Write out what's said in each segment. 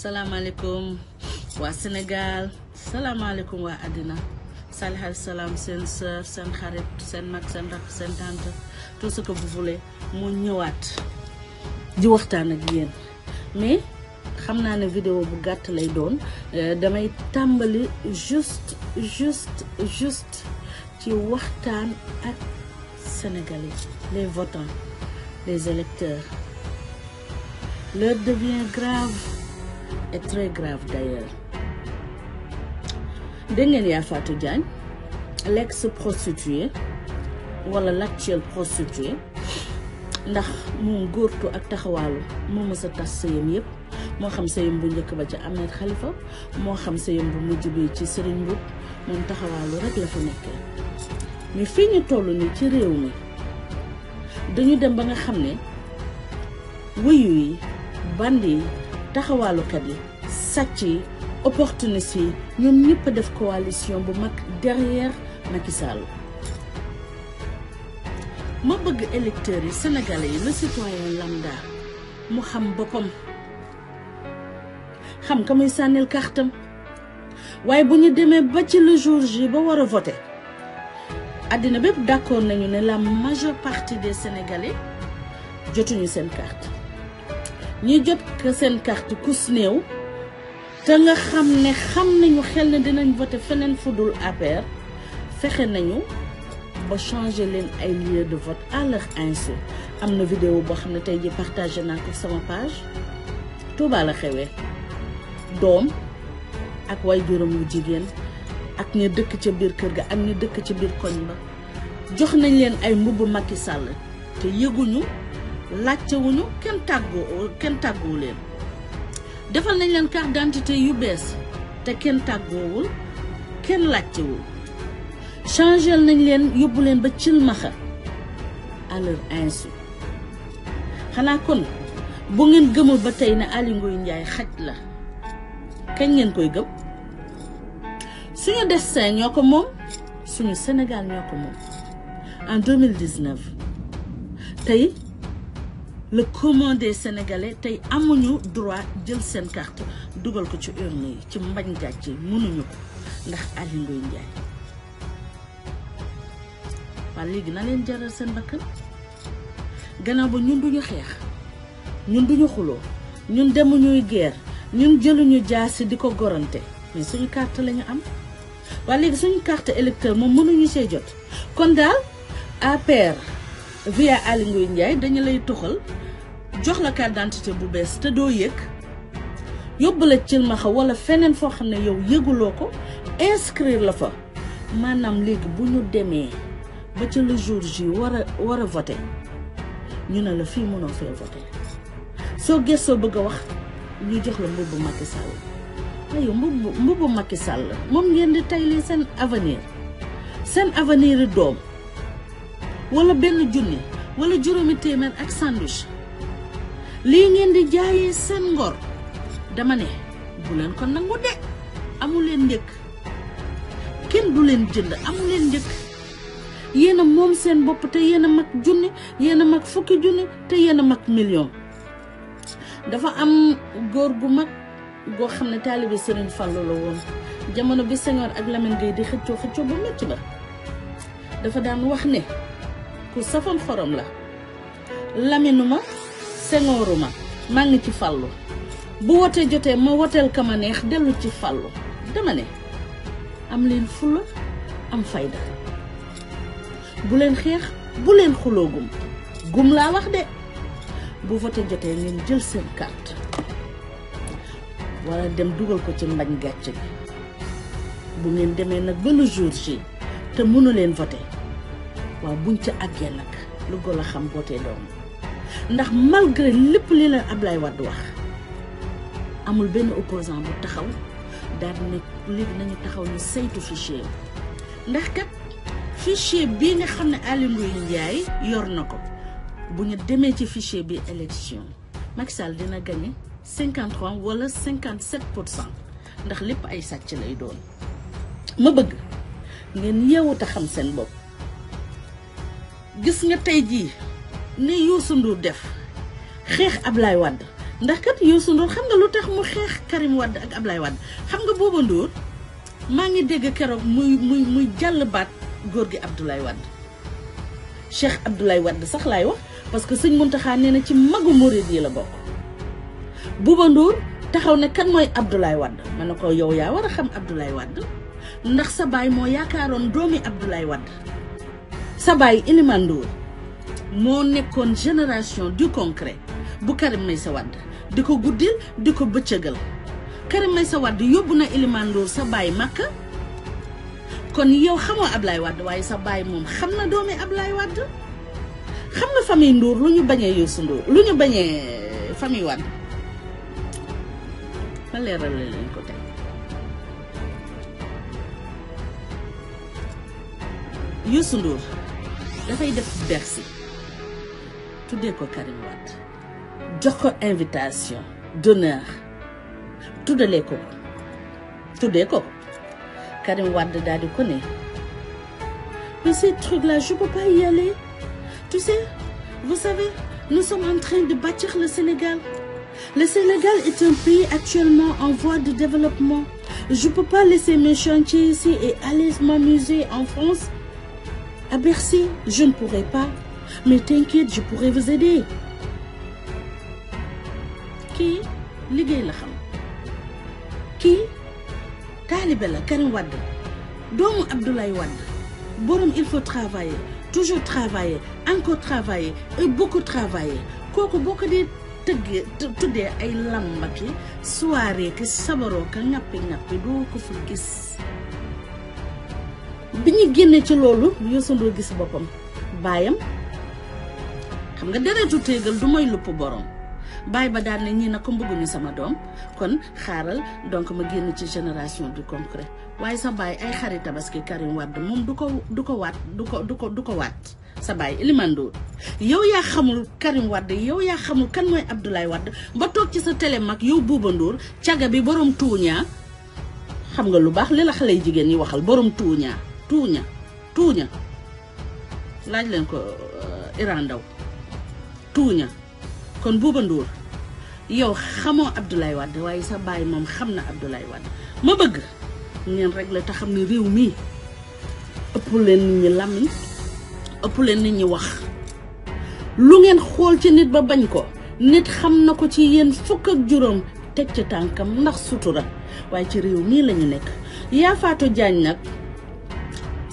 Salam alaikum wa Sénégal alaikum wa Adina. salihal salam sen sœur sen xarit sen mag s'en s'en tante tout ce que vous voulez mo ñëwaat di waxtaan ak yeen. mais xam naa ne vidéo bu gàtt lay doon euh, damay tàmbali juste juste juste ci waxtaan ak sénégalais les votants les électeurs l'heure devient grave est très grave d'ailleurs dégg ngeen ya, Fatou Diagne l'ex prostituée wala l'actuelle prostituée ndax moom gourto ak taxawaalu moo mës a tas mo yëpp moo xam sëyam bu njëkk ba ci Ahmed Khalifa moo xam sëyam bu mujj bi ci Serigne Mboup moom taxawaalu rek la fa nekkee mais ni ci mi dañu dem nga bandi taxawaalukat yi sàcc yi opportuniste yi ñoom ñëpp def coalition bu mag derrière Macky Sall ma bëgg électeurs yi sénégalais yi le citoyen lambda mu xam boppam xam ka muy sànnil kartam waaye bu ñu demee ba ci le jour J ba war a voter àddina bépp d'accord nañu ne la majeure partie des sénégalais jotuñu seen carte ñi jot que seen carte kus néew te nga xam ne xam nañu xel ne dinañ voté feneen fudul APR fexe nañu ba changer leen ay lieu de vote à leur insu am na vidéo boo xam ne tey ji partagé naa ko sama page Touba la xewee doom ak way juróom wu jigéen ak ña dëkk ca biir kër ga ak ña dëkk ca biir koñ ba jox nañ leen ay mbubb Macky Sall te yëguñu laajte kenn tàggoo kenn tàggoo defal nañ leen carte d'identité yu bees te kenn tàggoowul kenn laajtewul changé nañ leen yóbbu leen ba cilmaxa à insu xanaa kon bu ngeen gëmul ba tey ne Aly Ngouille Ndiaye xaj la kañ ngeen koy gëm suñu destin ñoo ko moom suñu Sénégal ñoo ko moom en tey le commun des sénégalais tey amuñu droit jël seen carte dugal ko ci urne yi ci mbañ gàcce mënuñu ko ndax Aly Ngouille Ndiaye waa léegi na leen jaral seen bakkan gannaaw ba ñun duñu xeex ñun duñu xuloo ñun demuñuy geer ñun jëluñu jaasi di ko gorante mais suñu carte lañu am waa léegi suñu carte électeur moom mënuñu see jot kon daal APR via Aly Ngouille Ndiaye dañu lay toxal jox la carte bu bees te doo yëg yóbbu la cilmaxa wala feneen foo xam ne yow yëguloo ko inscrire la fa maanaam léegi bu ñu demee ba ca le jour ji war a war voté ñu ne la fii mënoo fee voté soo gëstoo bëgg a wax ñu jox la mbubbu Macky Sall ayo mbubbu mbubbu Macky Sall moom ngeen di tayli seen avenir seen avenir doom wala benn junni wala juróomi téeméer ak sandwich lii ngeen di jaayee seen ngor dama ne bu leen ko nangu de amu leen njëkk kenn du leen jënd amu leen njëkk yéen a moom seen bopp te yéen a mag junni yéen mag fukki junni te yéen a mag million dafa am góor gu mag goo xam ne taalibe Serigne Fallou la woon jamono bi Senghor ak Lamine Gueye di xëccoo xëccoo bu métti ba dafa daan wax ne ku safoon xorom la laminuma sengooruma maa ngi ci fàllu bu wote jotee ma woteel ka ma neex dellu ci fàllu dama ne am leen fulla am fayda bu leen xeex bu leen xuloo gum laa wax de bu wote jotee ngeen jël seen carte wala dem dugal ko ci mbañ gàcce bi bu ngeen demee nag ba le jour ji te mënu leen voté waaw buñ ca àggee nag lu golo xam bootee doom ndax malgré lépp li leen Ablaye Wade wax amul benn opposant bu taxaw daal di ne nañu taxaw ñu saytu fichier bi ndax kat fichier bii nga xam ne Aly Ngouille Ndiaye yor na ko bu ñu demee ci fichier bi élection Macky Sall dina gagné 53 wala 57 pour cent ndax lépp ay sàcc lay doon ma bëgg ngeen yeewut a xam seen bopp. gis nga tey jii ni Youssou Ndour def xeex laay Wade ndax kat Youssou Ndour xam nga lu tax mu xeex Karim Wade ak Ablaye Wade xam nga booba Ndour maa ngi dégg keroog muy muy muy jàll baat góor gi Abdoulaye Wade Cheikh Abdoulaye Wade sax laay wax parce que sëñ Mountakha nee na ci magu murid yi la bokk Bouba Ndour taxaw ne kan mooy ab Abdoulaye Wade ma ne ko yow yaa war a xam ab Abdoulaye Wade ndax sa baay moo yaakaaroon doomi Abdoulaye Wade sa baay Elimane moo nekkoon génération du concret bu Karim Meïssa Wade di ko guddil di ko bëccëgal Karim Meïssa Wade yóbbu na Elimane Ndour sa baay Makka kon yow xamoo Ablaye Wade waaye sa baay moom xam na doomi Ablaye Wade xam na famille Ndour lu ñu bañee Youssou Ndour lu ñu bañee famille Wade ma leeral leen ko tey Youssou Ndour dafay def Bercy tout ko Karim Watt. jox invitation d'honneur tout ko Tout tuddee ko Karim Watt daal di mais ces trucs là je peux pas y aller tu sais vous savez nous sommes en train de bâtir le Sénégal le Sénégal est un pays actuellement en voie de développement je peux pas laisser mes chantiers ici et aller m'amuser en France à ah, Bercy, je ne pourrai pas. Mais t'inquiète, je pourrai vous aider. Qui Liguez la Qui kii taalibe la Karim Wade doomu Abdoulaye Wade borom il faut travailler toujours travailler encore travailler et beaucoup travailler Koko beaucoup de dee tëggee ay lamba soirée que sabaroo ka ñappi-ñappi doo ko gis biñu génné génne ci loolu Youssou Ndour gis bopam bayam xam nga deretu téegal du moy lupp borom bay ba daal ne ko sama doom kon xaaral donc ma génn ci génération du concret waaye sa bay ay xarit tabaski Karim Wade moom du ko du ko hamul du ko du ko du ko waat sa bay ilimando yow yaa xamul Karim Wade yow yaa xamul kan mooy abdoulay Wade ba toog ci sa télé mag yow caga bi borom xam nga lu baax li la jigéen waxal borom tuuñaa tuuña tuuña laaj leen ko eh, Iran Ndaw tuuña kon Bouba Ndour yow xamoo Abdoulaye Wade waaye sa baay moom xam na abdulaay Wade ma bëgg ngeen régler te xam ne réew mii ëpp leen nit ñi làmmiñ ëpp leen nit ñi wax lu ngeen xool ci nit ba bañ ko nit xam na ko ci yéen fukk ak juróom teg ci tànkam ndax sutura waaye ci réew mii lañu nekk Yafatou Diagne nag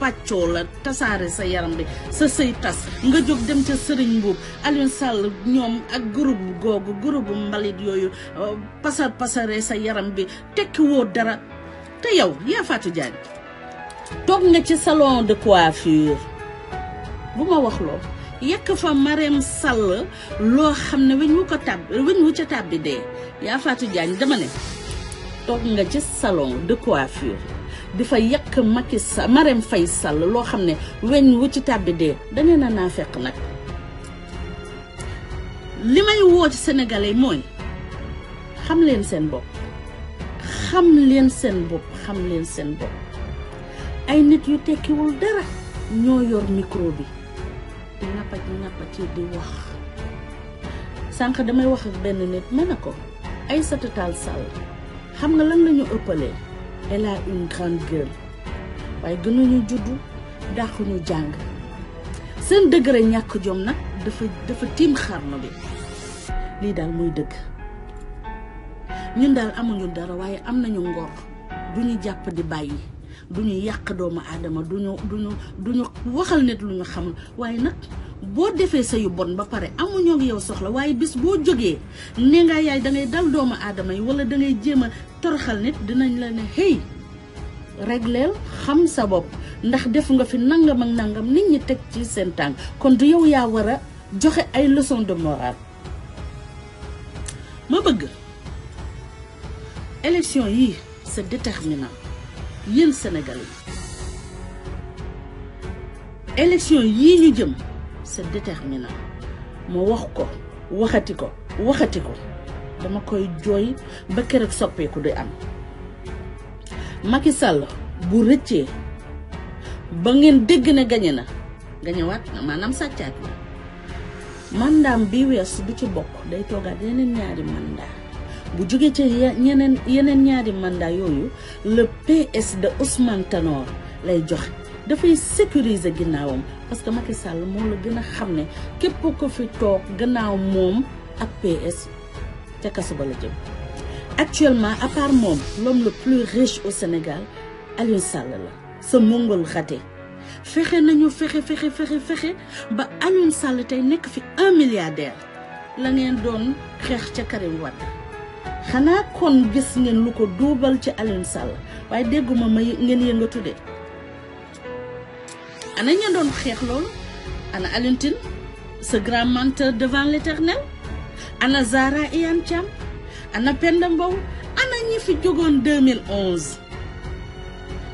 pàccoo la tasaare sa yaram bi sa sëy tas nga jóg dem ca Serigne Mbuub Alioune Sall ñoom ak groupe googu groupe mbalit yooyu euh, pasar pasare sa yaram bi tekki woo dara te yow yaa Fatou toog nga ci salon de coiffure bu ma wax loo yekk fa Marème Sall loo xam ne weñ wu ko tàb weñ wu ca tàbbi dee yaa Fatou Diagne dama ne toog nga ci salon de coiffure di fa yàq Macky Sall Marème Faye Sall loo xam ne weñ wu ci tàbbi dee danee na naa fekk nag li may woo ci sénégalais mooy xam leen seen bopp xam leen seen bopp xam leen seen ay nit yu tekkiwul dara ñoo yor micro bi di di wax sànq damay wax ak benn nit mën na ko Aïssata Tall Sall xam nga lan lañu ñu ëppalee elle a une waaye gënuñu juddu dàquñu jàng seen degré ñàkk jom nag dafa dafa tiim xarnu bi lii daal muy dëgg ñun daal amuñu dara waaye am nañu ngor du ñu jàpp di bàyyi du yàq doomu aadama du ñu du ñu du waxal nit lu xamul waaye nag boo defee sayu bon ba pare amuñoo yow soxla waaye bés boo jógee ne nga yaay dangay ngay dal doomu aadama yi wala dangay ngay jéem a toroxal nit dinañ la ne hey regleel xam sa bopp ndax def nga fi nangam ak nangam nit ñi teg ci seen tànk kon du yow yaa war a joxe ay leçon de morale. ma bëgg élection yii c'est déterminant yéen Sénégalais yi élection yii ñu jëm. c'est déterminant ma wax ko waxati ko waxati ko dama koy jooy ba keroog soppeeku di am Macky Sall bu rëccee ba ngeen dégg ne gañe na gañewaat na maanaam sàccaat na mandaam bi wees bu ci bokk day toogaat yeneen ñaari mandat bu jógee ci yeneen ñaari mandat yooyu le PS de Ousmane Tanor lay joxe faut sécuriser gens parce que Macky Sall la ko fi ak actuellement à part l'homme le plus riche au Sénégal Aliou Sall la mongol raté nañu ba Aliou Sall un milliardaire la ngeen doon Karim Wade kon ngeen ci Aliou Sall dégguma ana ñu doon xeex loolu ana ce grand menteur devant l'éternel ana zara et Thiam ana Penda Mbow ana ñi fi 2011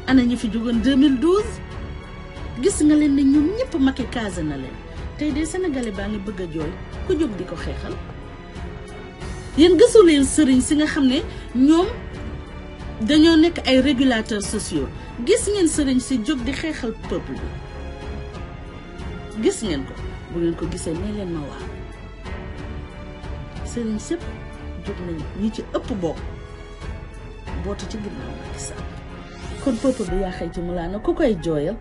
ana ñi fi jógoon 2012 gis nga leen ne ñoom ñëpp Macky casé na leen tey de sénégalais baa ngi bëgg a ku jóg di ko xeexal yéen leen sëriñ si nga xam ne dañoo nekk régulateurs sociaux gis ngeen sëriñ si jóg di peuple gis ngeen ko bu ngeen ko gisee nee leen ma waaw sëriñ sëpp jóg nañu ñi ci ëpp bokk bootu ci ginnaaw Macky Sall kon peuple bi yaa xëy ci mulaana ku koy jooyal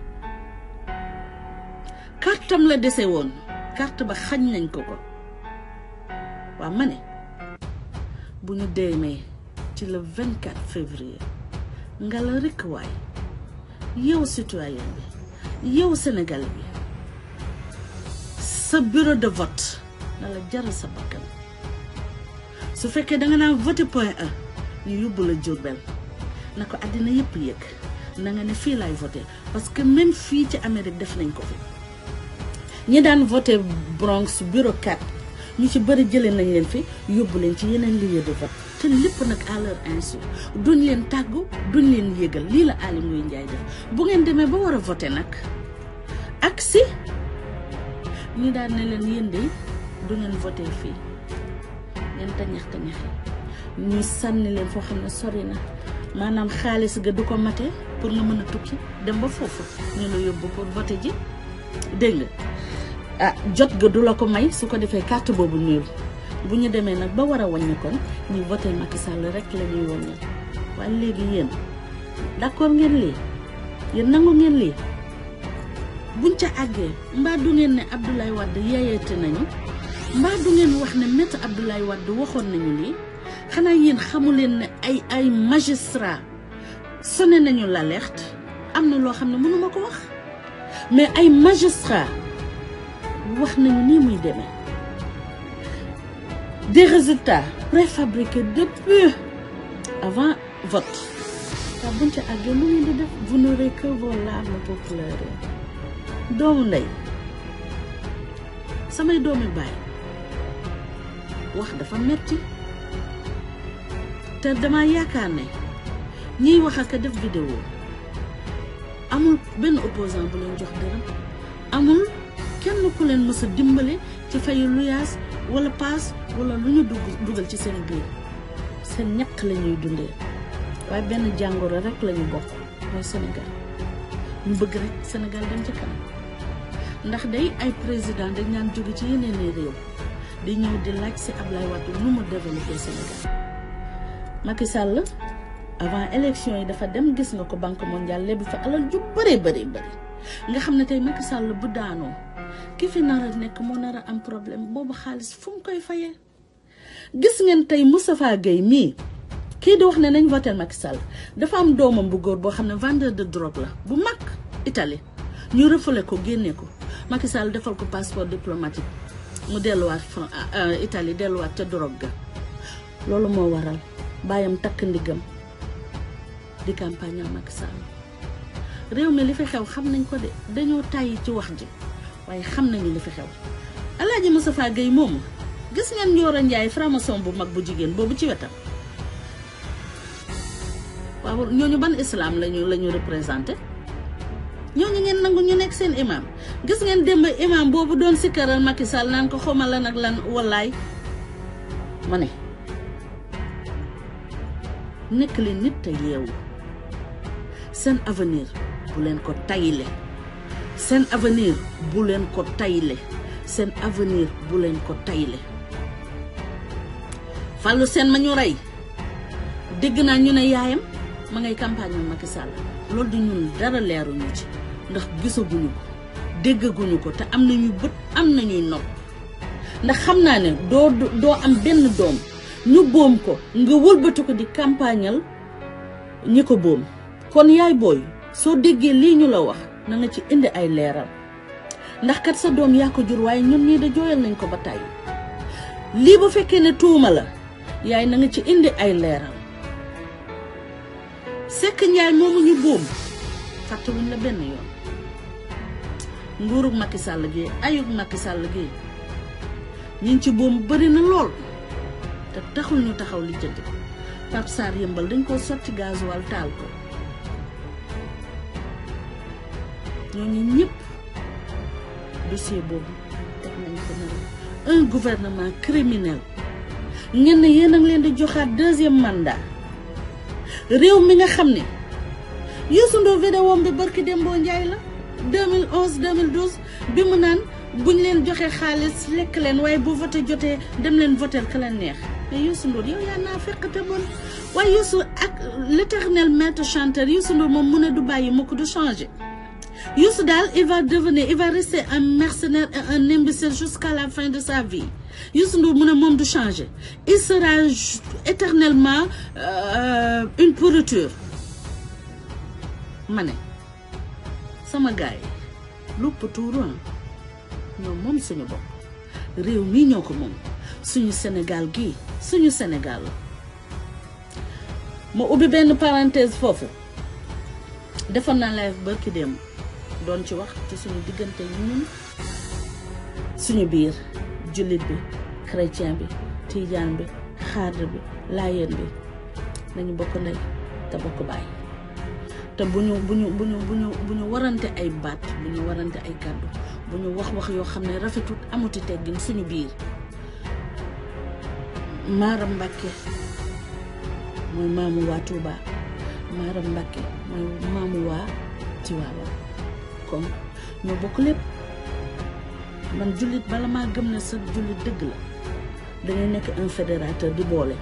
kartam la dese woon carte ba xañ nañ ko ko waa ma ne bu ñu deemee ci le 24 février nga la rekk waay yow citoyen bi yow sénégal bi sa bureau de vote na la jaral sa bakkan su fekkee da nga naan point a ñu yóbbu la Diourbel na ko àddina yëpp yëg na nga ne fii laay voté parce que même fii ci Amérique def nañ ko fi ñi daan voté Bronx bureau 4 ñu ci bëri jëlee nañ leen fi yóbbu leen ci yeneen liggéey de vote te lépp nag à leur insu duñ leen tàggu duñ leen yëgal lii la Aly Ngouille Ndiaye def bu ngeen demee ba war a voté nag ak ñu daan ne leen yéen de du ngeen voté fii ngeen tañax tañaxi ñu sànni leen foo xam ne sori na maanaam xaalis ga du ko mate pour nga mën a tukki dem ba foofu ñu la yóbbu pour voté ji dégg ah jot ga du la ko may su ko defee carte boobu ñuul bu ñu demee nag ba war a wàññi kon ñu voté Macky Sall rek la ñuy wàññi waaye léegi yéen d'accord ngeen lii yéen nangu ngeen lii. buñ ca àggee mbaa du ngeen ne Abdoulaye Wade yeeyeete nañu mbaa du ngeen wax ne maître Abdoulaye Wade waxoon nañu lii xanaa yéen xamuleen ne ay ay magistrat sonné nañu l'alerte am na loo xam ne mënuma ko wax mais ay magistrat wax nañu nii muy demee des résultats préfabriqués depuis avant vote. waaw buñ ca àggee lu ngeen di def vous n'aurez que vos larmes pour pleurer. doomu ndey samay doomi baay wax dafa metti te dama yaakaar ne ñiy wax ak def vidéo amul benn opposant bu leen jox dara amul kenn ku leen mës a ci fayu luyaas wala paas wala lu ñu dugg dugal ci seen biir seen ñaq la ñuy dundee waaye benn jàngoro rek la ñu bokk mooy Sénégal mu bëgg rek Sénégal dem ca kanam ndax day ay président dañ naan jóge ci yeneen i réew di di laaj si Ablaye Wade nu mu développé Sénégal Macky Sall avant élection yi dafa dem gis nga ko banque mondiale lépp fa alal ju bëree bëri nga xam ne tey Macky sàll bu daanoo ki fi nar a nekk moo nar am problème boobu xaalis fu mu koy fayee gis ngeen tey Moustapha Gueye mii kii di wax ne nañ voté Macky Sall dafa am doomam bu góor boo xam ne vendeur de drogue la bu mag italy ñu refulé ko génné ko Macky Sall défal ko passeport diplomatique mu delluwaat italy Italie wat ca drogue ga loolu moo waral bayam tak ndigam di campagne Macky Sall réew mi li fi xew xam nañ ko de dañu tay ci wax ji waye xam nañ li fi xew Alaaji Moustapha gay mom gis ngeen Nioro ndjay framason bu mag bu jigen bobu ci wetam waaw ñoñu ban islam lañu lañu représenter ñooñu ngeen nangu ñu nekk seen imam gis ngeen démb imam boobu doon sikkaral Macky Sall naan ko xawma lan ak lan wallaay ma ne nekk leen nit te yeewu seen avenir bu leen ko tayile seen avenir bu leen ko tayile seen avenir bu leen ko tayile fàllu seen ma ñu rey dégg naa ñu ne yaayam ma ngay campagne Macky Sall loolu di ñun dara leeruñu ci ndax gisaguñu ko déggaguñu ko te am nañu bët am nañuy nopp ndax xam naa ne doo doo am benn doom ñu boom ko nga wëlbatu ko di campagnal ñi ko boom kon yaay booy soo déggee lii ñu la wax na ci indi ay leeral ndax kat sa doom yaa ko jur waaye ñun ñii da jooyal nañ ko ba tàyyi lii ba fekkee ne tuuma la yaay na ci indi ay leeral sekk njaay moomu ñu boom fàttewuñ la benn yoon nguurug makki sàll gi ayug Macky Sall gi ñi ci boom bari na lool te taxul ñu taxaw li jënd ko Pape yëmbal dañ koo sotti gasoil taal ko ñooñu ñëpp dossier boobu teg nañ ko na un gouvernement criminel ngeen ne yéen a ngi leen di joxaat deuxième mandat réew mi nga xam ne Youssou Ndour vidéo bi barki Dembo Ndiaye la 2011 2012 bi mu naan buñ leen joxee xaalis lekk leen waaye bu vote jotee dem leen voter ka la neex mais Youssou Ndour yow yaa naa fekk te bon waaye Youssou ak l'éternel maître chanteur Youssou Ndour moom ne du bàyyi mukk du changé Youssou daal il va devenir il va rester un mercenaire et un imbécile jusqu'à la fin de sa vie Youssou Ndour mu ne moom du changer. il sera éternellement euh, une pourriture ma ne sama gaay lupp tuuru ah. ñoom moom suñu bopp réew mii ñoo ko moom suñu Sénégal gii suñu Sénégal la ma ubbi benn parenthèse foofu defoon na live barki dem doon ci wax ci suñu diggante ñun suñu biir jullit bi chrétien bi tiijaan bi xaadar bi laayeen bi nañu bokk ndey te bokk bàyyi te buñu buñu buñu buñu buñu warante ay baat buñu warante ay kaddu buñu wax wax yo xamne rafetut amuti teggin suñu biir Maram mbacke moy mamu wa Touba Maram mbacke moy mamu wa Tiwaawa kon ñoo bokk lepp man julit bala ma gëm ne sa julit deug la dañuy nekk un fédérateur di boole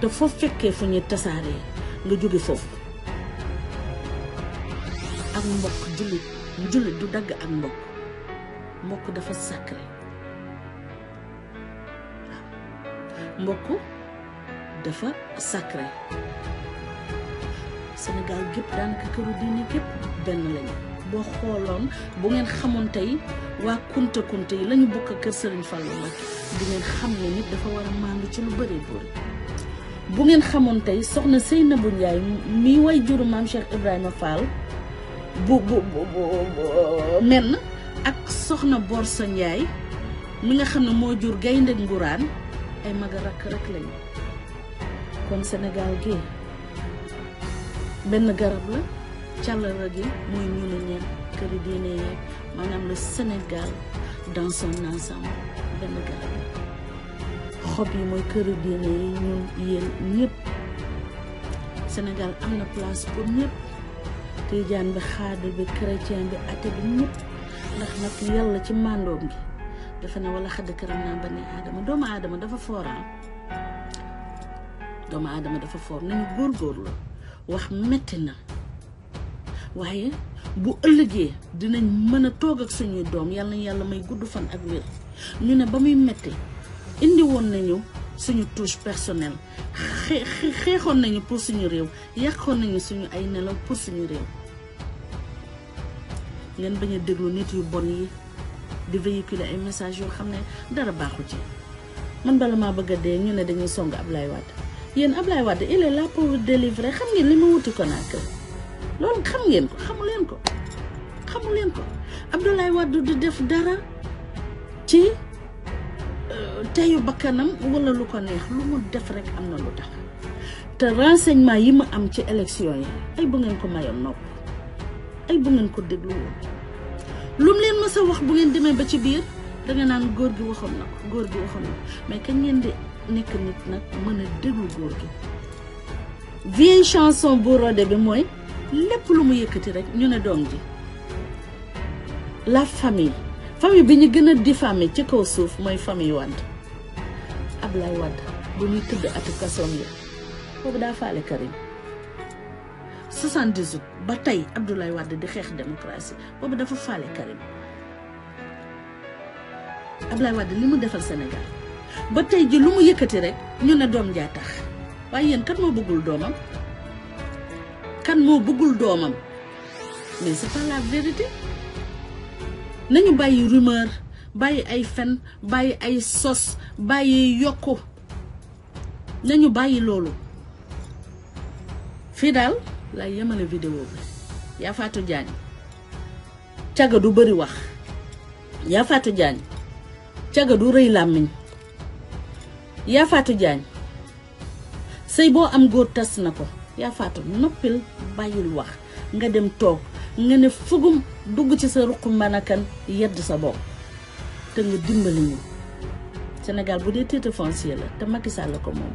te fofu fekke fu ñuy tasaaree nga jóge mbokk jullit jullit du dagg ak mbokk mbokk dafa sacré waaw mbokk dafa sacré Sénégal gépp daanaka këru diine gépp benn lañu boo xooloon bu ngeen xamoon tey waa kunta kunta yi lañu bokk kër Serigne Fallou Mbacké di ngeen xam ne nit dafa war a maandu ci lu bëree bu ngeen xamoon tey soxna Seynabou Ndiaye mii way juru maam Cheikh Ibrahima Fall bu bu menn ak soxna Borsa Ndiaye mi nga xam ne moo jur gaynde nguraan ay maga rakk rek lañu kon Sénégal gi benn garab la càllara gi mooy ñu ne këri diine yi maanaam le Sénégal dans son benn garab la xob yi mooy këri diine yi ñun yéen ñëpp Sénégal am na place pour ñëpp tiijaan bi xaadir bi chrétien bi athée bi ñëpp ndax nag yàlla ci màndoom gi dafa ne wala xadd karam naa ba ne aadama doomu aadama dafa fooraan ah. doomu aadama dafa foor nañu la wax metti na waaye bu ëllëgee dinañ mën a toog suñuy doom yàlla yàlla may gudd fan ak wér ñu ne ba muy metti indi woon nañu suñu touche personnel xeexoon nañu pour suñu réew yàqoon nañu suñu ay nelaw pour suñu réew ngeen bañ a déglu nit yu bon yi di véhiculer ay messages yoo xam ne dara baaxu ci man bala maa bëgg a dee ñu ne dañuy song Ablaye Wade yéen Ablaye Wade il est là pour délivrer xam ngeen li mu wuti Conakry loolu xam ngeen ko xamu leen ko xamu leen ko Abdoulaye Wade du def dara ci tey euh, teyu bakkanam wala lu ko neex lu mu def rek am na lu tax te renseignement yi mu am ci élection yi ay bu ngeen ko mayoon nopp ay bu ngeen ko déglu lu mu leen mës wax bu ngeen demee ba ci biir danga naan góor gi waxoon na góor gi waxoon na mais kañ ngeen di nekk nit nag mën a déglu góor gi vieille chanson bu rodé bi mooy lépp lu mu yëkkati rek ñu ne doom ji la famille fami bi ñu gën a diffamé ci kaw suuf mooy famille Wade Ablaye Wade bu muy tëdd ati kasoom yi boobu daa faale Karim 78 ba tey Abdoulaye Wade di xeex démocratie boobu dafa faale Karim Abdoulaye Wade li mu defal Sénégal ba tey ji lu mu yëkkati rek ñu ne doom jaa tax waaye yéen kan moo bëggul doomam kan moo bëggul doomam mais c'est pas la vérité nañu bàyyi rumeur bàyyi ay fen bàyyi ay sos bàyyi yokku nañu bàyyi loolu fii lay yemale vidéo bi yaa jaañ caga du bëri wax yaa jaañ caga du rëy làmmiñ yafaatu jaañ sëy boo am góor tas na ko yaa faatu noppil bàyyil wax nga dem toog nga ne fugum dugg ci sa ruq mbanakan yedd sa bopp te nga dimbali ñu Sénégal bu dee titre foncier la te Macky Sall la ko moom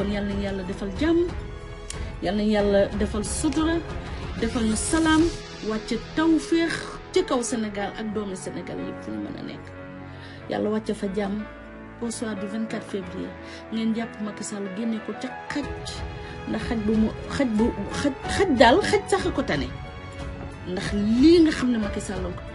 kon yal nañu yàlla defal jàmm yal nañu yàlla defal sutura defal ñu salaam wàcc taw féex ci kaw Sénégal ak doomi Sénégal yëpp fu ñu mën a nekk yàlla wàcc fa jàmm au soir du 24 février ngeen jàpp Macky Sall génne ko ca xaj ndax xaj bu mu xaj bu xaj xaj daal xaj sax a ko tane ndax lii nga xam ne Macky Sall ko